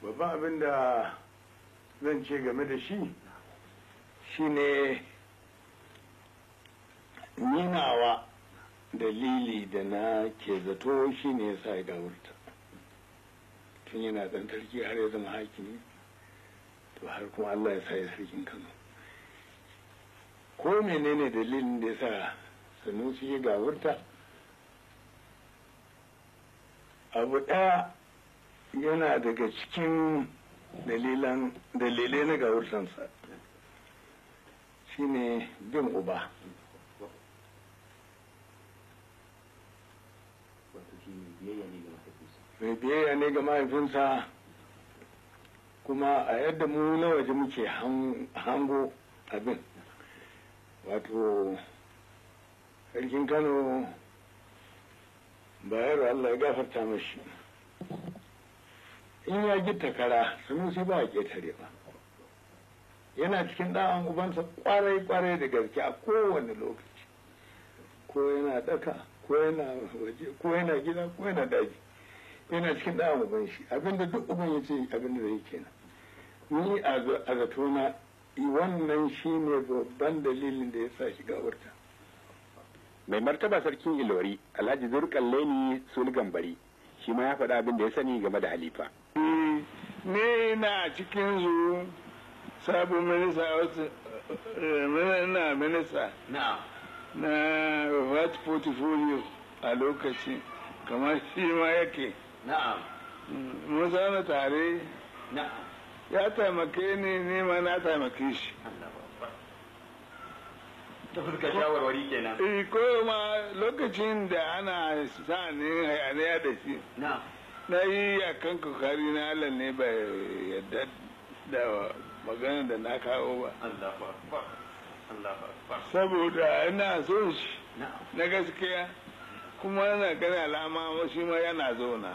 babban abin da zan ce game da shi shine ninawa dalili da na ke zato shi ne ya sa ya tun yana dan tarki har ya zama hakimi to har kuma Allah ya sa ya sarkin Kano ko menene dalilin da ya sa Sanusi ya gawurta abu ɗaya yana daga cikin dalilai na gawurtansa shine bin uba mai biyayya ne ga mahaifinsa kuma a yadda mu na waje muke hango abin wato sarkin kano bayar Allah ya gafarta mashi in ya takara kara sunusi ba a ƙetare ba yana cikin ɗa'an ubansa ƙwarai ƙwarai da gaske a kowane lokaci ko yana ɗaka ko yana waje ko yana gida ko yana daji yana cikin ɗa'an uban shi abinda duk uban ya ce abinda da yake na ni a zatona wannan shi ne babban dalilin da ya sa shiga wurta mai martaba sarkin ilori alhaji zurkan leni gambari shi ma ya faɗa abin da ya sani game da halifa ne na cikin su sabon minista eh, na minista na vat portfolio a lokaci kamar shi ma yake musamman tare ya taimake ni ne ma na taimake shi ta fuskar shawarwari kenan eh ko ma lokacin da ana ne hayaniya da shi na na yi kan kokari na Allah ne ba yadda da magana da na kawo ba saboda ina so shi na gaskiya kuma yana gani alama shi ma yana zauna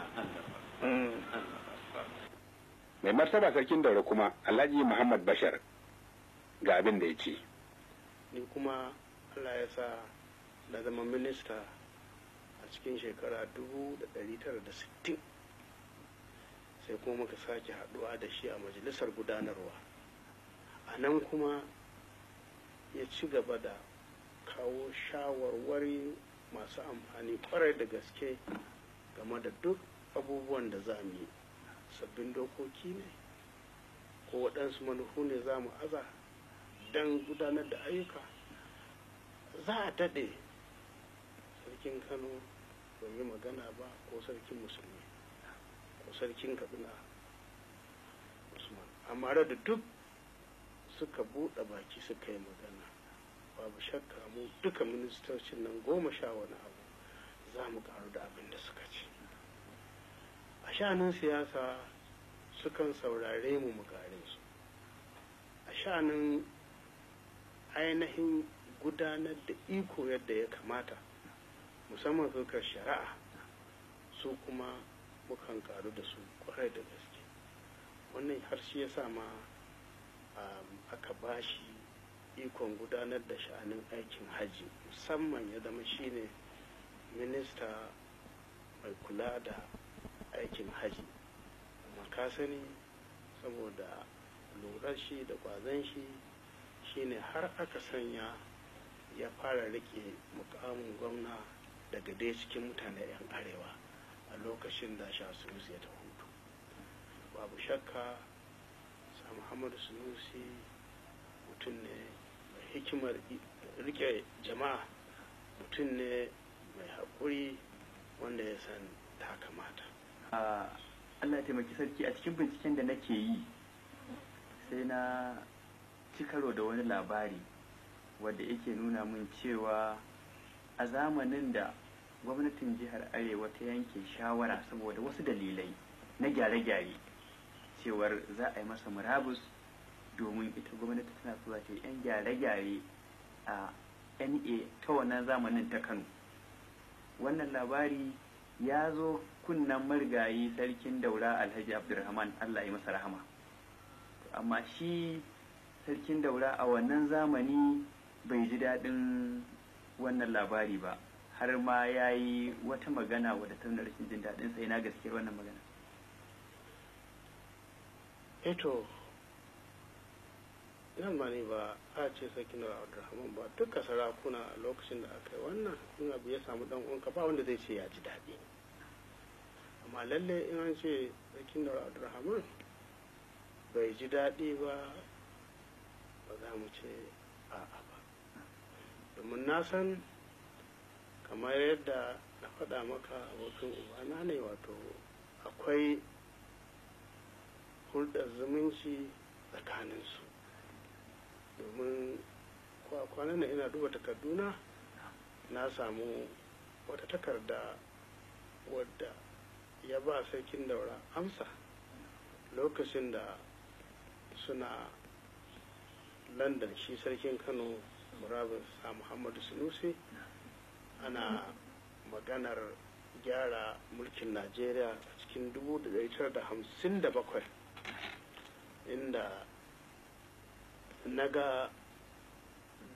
mm. mai martaba sarkin daura kuma alhaji muhammad bashar ga abin da ya ce ni kuma allah ya sa na zama minista a cikin shekara 1960 sai kuma muka sake haduwa da shi a majalisar gudanarwa a nan kuma ya ci gaba da kawo shawarwari masu amfani kwarai da gaske game da duk abubuwan da za mu yi sabbin dokoki ne ko waɗansu manufu ne za mu aza don gudanar da ayyuka za a daɗe sarkin kano bai yi magana ba ko sarkin musulmi ko sarkin kaduna usman amma da duk suka buɗe baki suka yi magana babu shakka mu duka ministocin nan goma sha wani abu za mu karu da abin da suka ci a sha'anin siyasa sukan saurare mu mu su a sha'anin ainihin gudanar da iko yadda ya kamata musamman zukar shari'a su kuma mukan karu da su kwarai da gaske wannan har shi ya sa ma aka shi ikon gudanar da sha'anin aikin hajji musamman ya zama shine minista mai kula da aikin hajji amma ka sani saboda lura shi da kwazon shi shine har aka sanya ya fara rike mukamin gwamna daga dai cikin mutane 'yan arewa a lokacin da sha sunusi ya hutu babu shakka sa muhammadu sunusi mutum ne mai hikimar rike jama'a mutum ne mai haƙuri wanda ya san ta kamata allah taimaki sarki a cikin binciken da nake yi sai na ci karo da wani labari wadda yake nuna min cewa a zamanin da gwamnatin jihar arewa ta yanke shawara saboda wasu dalilai na gyare-gyare cewar za a yi masa murabus domin ita gwamnati tana so ta yi 'yan gyare-gyare a na ta wannan zamanin ta kano wannan labari ya zo kunnan marigayi sarkin daura alhaji abdulrahman allah ya masa rahama amma shi sarkin daura a wannan zamani bai ji daɗin wannan labari ba har ma ya yi wata magana wadda ta rashin jin daɗin sai na gaskiyar wannan magana eto eh nan ba ne ba a ce sarkin daura abdulrahman ba duka sarakuna a lokacin da aka yi wannan in abu ya samu dan uwanka ba wanda zai ce ya ji daɗi amma lalle in an ce sarkin daura abdulrahman bai ji daɗi ba ba za mu ce a'a ba domin na san kamar yadda na faɗa maka abokin ubana ne wato akwai hulɗar zumunci tsakaninsu domin kwanan nan ina duba takarduna na samu wata takarda wadda ya ba sarkin daura amsa lokacin da suna london shi sarkin kano murabus sa muhammadu sunusi ana maganar gyara mulkin najeriya a cikin 1957 inda na ga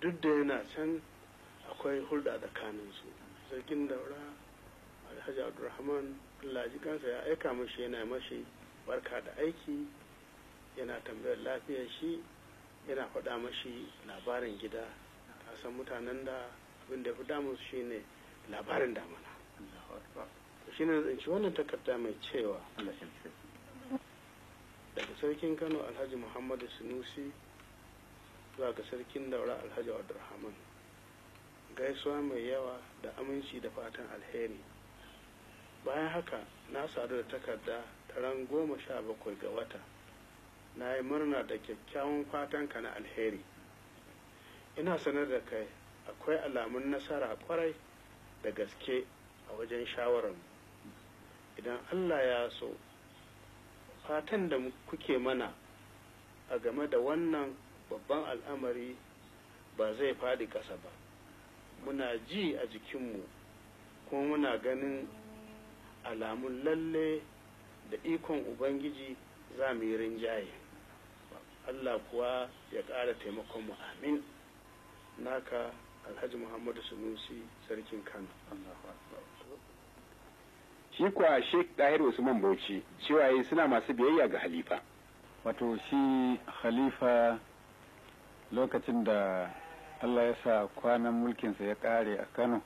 duk da yana can akwai hulɗa da tsakaninsu sarkin daura alhaji abdulrahman laji kansa ya aika mashi yana mashi barka da aiki yana tambayar lafiyar shi yana faɗa mashi labarin gida ta san mutanen da abin da ya fi damun su shine labarin damana shi ne zance wannan takarda mai cewa daga sarkin kano alhaji muhammadu sinusi zuwa ga sarkin daura alhaji abdulrahman gaisuwa mai yawa da aminci da fatan alheri bayan haka na sadu da takarda ta ran goma sha bakwai ga wata na yi murna da kyakkyawan fatanka na alheri ina sanar da kai akwai alamun nasara kwarai da gaske a wajen shawararmu idan allah ya so fatan da kuke mana a game da wannan babban al'amari ba zai faɗi ƙasa ba muna ji a jikinmu kuma muna ganin alamun lalle da ikon ubangiji za mu yi rinjaye Allah kuwa ya ƙara taimakon mu amin naka alhaji muhammadu sunusi sarkin kano shi kuwa Sheikh dahir usman bauchi cewa suna masu biyayya ga Khalifa. wato shi Khalifa, lokacin da allah ya sa kwanan mulkinsa ya ƙare a kano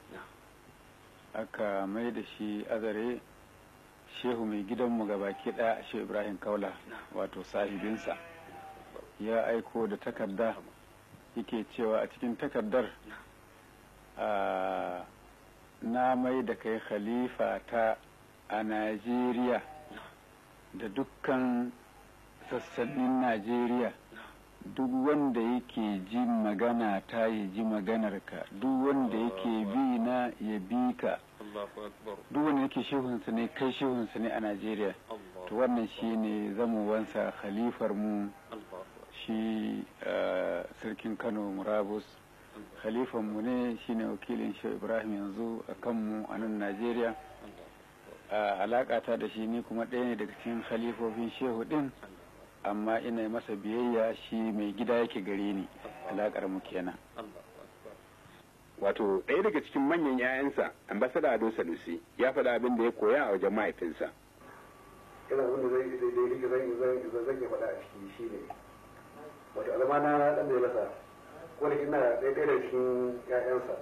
aka mai da shi azare shehu mai gidanmu ga baki ɗaya shehu ibrahim kaula wato sahibinsa ya aiko da takarda yake cewa a cikin takardar na mai da kai khalifa ta a najeriya da dukkan sassanin najeriya duk wanda yake ji magana ta ya ji maganarka duk wanda yake bi na ya bi ka duk wanda yake shehunsa ne kai shehunsa ne a najeriya to wannan shi ne zamowansa khalifar mu shi eh, sarkin kano murabus khalifanmu ne shine wakilin shi ibrahim yanzu a kanmu a nan najeriya alakata da shi ni kuma ɗaya ne daga cikin khalifofin shehu ɗin amma ina masa biyayya shi mai gida yake gare ni alakar mu kenan wato ɗaya daga cikin manyan 'ya'yansa ambasada ado salusi ya faɗa abin da ya koya a wajen mahaifinsa wato alama na dan da ya masa wanda ina ɗaya ɗaya da cikin ƴaƴansa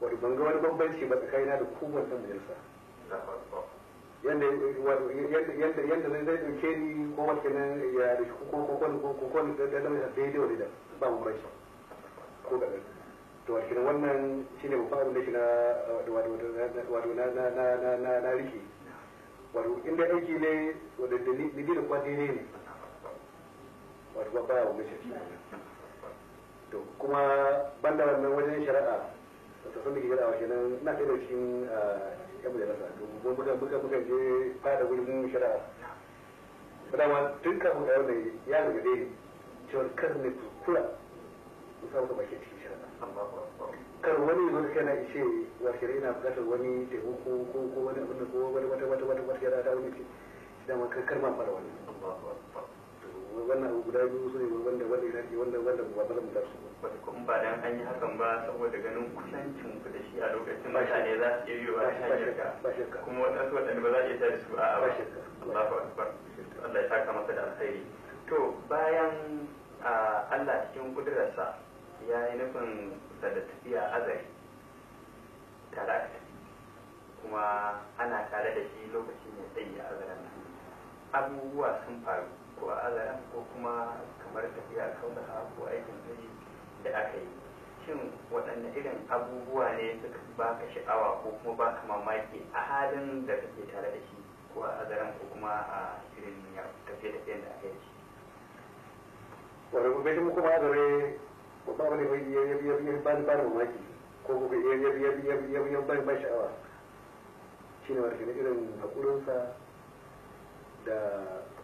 wato ban ga wani bambanci ba tsakanina da kowanne dan da majalisa yadda yadda zai zai dauke ni ko wacce nan ya da shi ko ko ko ko ko da da da daidai wa da ba mu bai ko da to wacce wannan shine mu abin da shi na wato na na na na na riki wato inda aiki ne wato da ni da kwadi ne ne wato baya wa mishari to kuma banda wannan wajen shari'a wato sun da ke shari'a nan na ɗaya da cikin yan ah, majalisa to muka muka muka je fada gurin shari'a dama tun kafin ɗaya ne ya daga dai cewar kar ne kuskura su samu ka bakin cikin shari'a kar wani wani kana ishe wa shari'a na buƙatar wani taimako ko ko wani abin da ko wani wata wata wata wata ya da wani ce dama kar ma fara wani wannan abu guda biyu su ne wanda wanda ya rage wanda wanda ba za wata kun ba dan an yi hakan ba saboda ganin kusancin ku da shi a lokacin mutane za su iya yiwa ta hanyar ka kuma waɗansu waɗanda ba za a iya tare su a ba Allahu akbar Allah ya saka masa da alkhairi to bayan Allah cikin kudurarsa ya yi nufin da tafiya azari tare kuma ana tare da shi lokacin ya tsaye a azarin abubuwa sun faru ko alam ko kuma kamar tafiya kan da ko aikin fili da aka yi shin waɗanne irin abubuwa ne suka ka sha'awa ko kuma ba ka mamaki a halin da kake tare da shi ko a zaren ko kuma a irin tafiye-tafiyen da aka yi shi wani gobe kuma kuma azare babba wani bai yi ba ba mamaki ko gobe ya ba sha'awa shi ne wani irin haƙurinsa da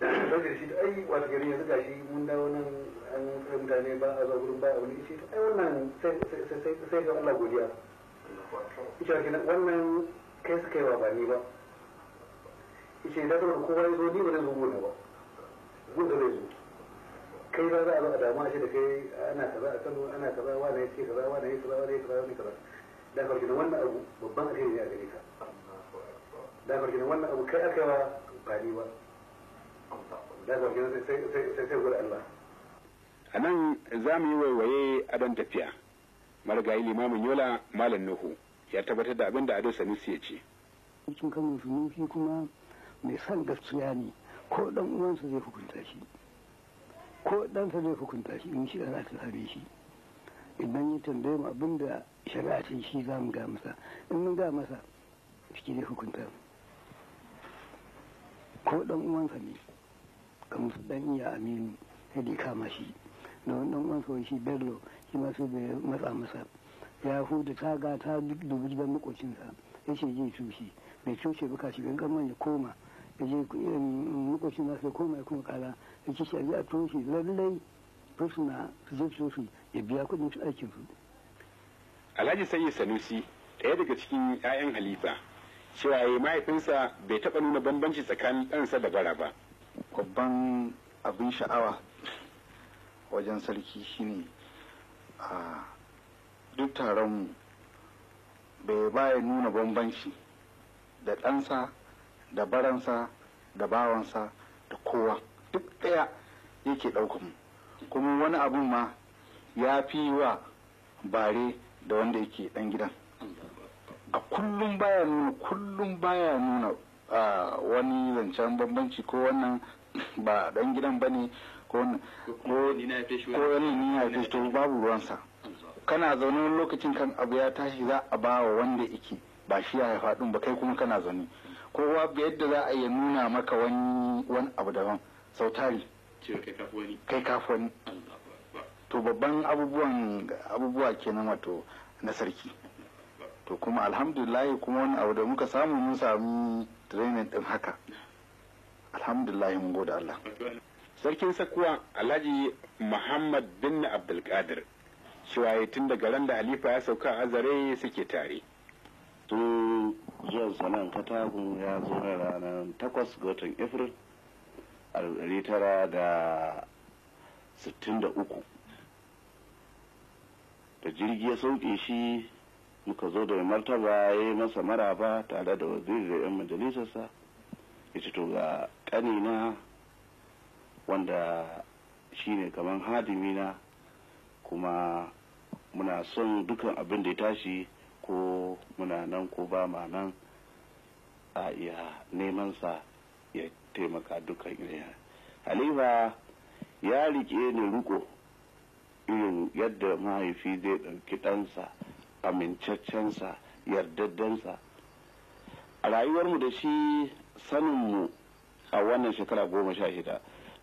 saboda shi ai wata gari yanzu shi mun dawo nan an fahimta ne ba a zuwa ba a wani ishe ai wannan sai ga Allah godiya ita ke wannan kai suka yi wa ba ni ba ishe da saboda kowa ya zo ni ba zai zo gona ba gona zai zo kai ba za a zo a damu shi da kai ana kaza a kano ana kaza wa na ne ce kaza wa na ne kaza wa ne kaza wa ne kaza da farki da wannan abu babban alheri ne a gare ka da farki da wannan abu kai aka yi wa ba ni ba a nan za mu yi waiwaye a ɗan tafiya marigayi limamin yola malam nuhu ya tabbatar da abin da ado sanusi ya ce cikin kan musulunci kuma mai son gaskiya ne ko dan uwansa zai hukunta shi ko sa zai hukunta shi in shari'a za ta same shi idan ya tambaye mu abin da shari'a ce shi za mu ga masa in mun ga masa shi zai hukunta ko dan uwansa ne kan su dan ya aminu ya di kama shi na wannan wansa shi bello shi ma su bai matsa masa ya hudu ta ga ta dubi gidan makocinsa ya ce je tushe bai tushe ba kashi gan kan ya koma ya je makocin nasu ya koma ya kuma kara ya ce shi a tushe lallai fursuna su je tushe ya biya kudin su aikin su. alhaji ya sanusi ɗaya daga cikin 'ya'yan halifa cewa mahaifinsa bai taɓa nuna bambanci tsakanin ɗansa da bara ba. babban abin sha'awa wajen sarki shine a duk taronmu bai baya nuna bambanci da ɗansa da baransa da bawansa da kowa duk ɗaya yake mu kuma wani abun ma ya fi wa bare da wanda yake ɗan gidan a kullum baya nuna kullum baya nuna wani zancen bambanci ko wannan ba dan gidan ba ne ko ni ya to babu ruwansa kana zaune wani lokacin kan abu ya tashi za a ba wa wanda yake ba shi ya haifa ba kai kuma kana zaune kowa yadda za a iya nuna maka wani wani abu daban sautari kai kafi to babban abubuwan abubuwa kenan wato na sarki to kuma alhamdulillah kuma wani abu da muka samu mun sami training din haka alhamdulillah mun gode Allah sarkin sakuwa alhaji muhammad bin abdulkadir cewa tun daga ran da halifa ya sauka a azare suke tare tun zuwan sanan katagun ya zo na ranar 8 ga watan april a 1963 da jirgi ya sauke shi muka zo da martaba ya yi masa maraba tare da waziri da 'yan majalisarsa ya ce to ga ƙanina wanda shi ne kamar hadimina kuma muna son dukan abin da ya tashi ko muna nan ko ba ma nan a iya neman ya taimaka dukan irin halifa ya rike ne ruko irin yadda mahaifi zai ɗauki ɗansa amincaccensa yardaddensa a rayuwarmu da shi sanin mu a wannan shekara goma sha shida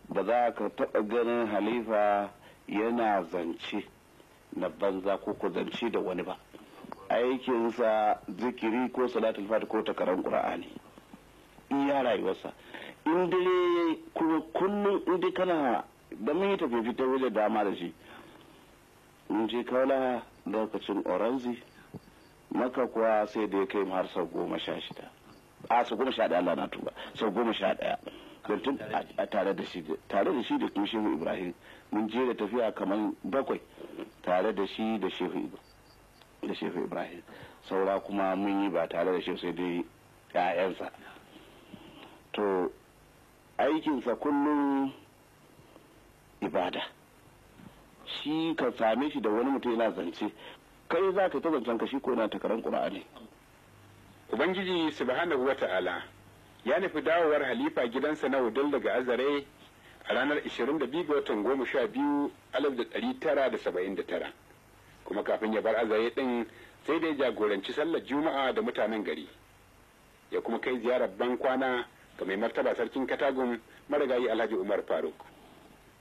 ba za ka taɓa ganin halifa yana zance na banza ko ku zance da wani ba aikinsa zikiri ko salatul fati ko takarar ƙura'ani iya rayuwarsa in dare kuma kullum in dai kana da mai tafiye wajen dama da shi in je lokacin oranzi maka kuwa sai da ya kai har sau goma sha shida a sau goma sha daya lana na tuba sau goma sha daya tun a tare da shi tare da shi da kuma shehu ibrahim mun je da tafiya kamar bakwai tare da shi da shehu da shehu ibrahim saura kuma mun yi ba tare da shehu sai dai ƴaƴansa to aikinsa kullum ibada shi ka same shi da wani mutum yana zance kai za ka ta zancen ka shi ko na takarar ƙura'ani. ubangiji subhanahu ta'ala ya nufi dawowar halifa gidansa na wudul daga azare a ranar 22 ga watan da tara. kuma kafin ya bar azare din sai dai jagoranci sallar juma'a da mutanen gari ya kuma kai ziyarar ban kwana ga mai martaba sarkin katagun marigayi alhaji umar faruk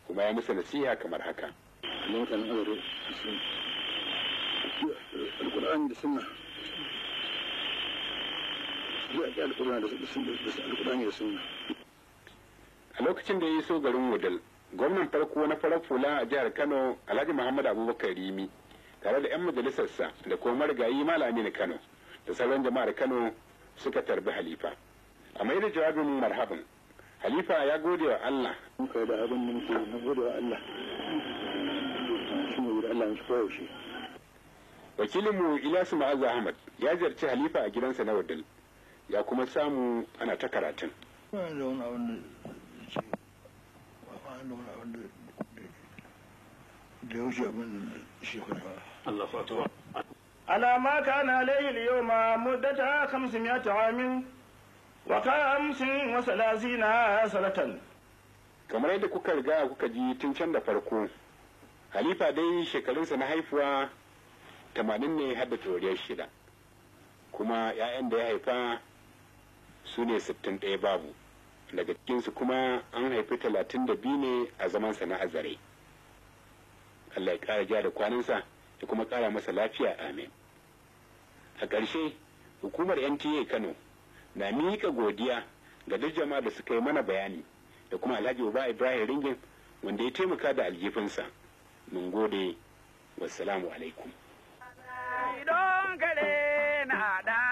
kuma ya musu nasiha kamar haka aure alkur'ani da sunna a lokacin da ya so garin wudal gwamnan farko na farar fula a jihar kano alhaji muhammad abubakar rimi tare da 'yan majalisarsa da kuma marigayi malami na kano da sauran jama'ar kano suka tarbi halifa a mai da jawabin marhaban halifa ya gode wa allah gode wa allah mallamin su koyaushe. wakilinmu ilyasu ma'azu ahmad ya ziyarci halifa a gidansa na wadal ya kuma samu ana ta karatun على ما كان عليه اليوم مدة خمسمائة عام وخمس وثلاثين سنة kamar yadda kuka riga kuka ji tun can da farko khalifa dai shekarunsa na haifuwa tamanin ne har da tauriyar shida kuma 'ya'yan da ya haifa su ne sittin ɗaya babu daga cikinsu kuma an haifi talatin da biyu ne a zamansa na azare allah ya ƙara ja da kwaninsa ya kuma ƙara masa lafiya amin a ƙarshe hukumar nta kano na miƙa godiya ga duk jama'a da suka yi mana bayani da kuma alhaji uba ibrahim ringin wanda ya taimaka da aljifinsa mun gode wassalamu alaikum don gare na da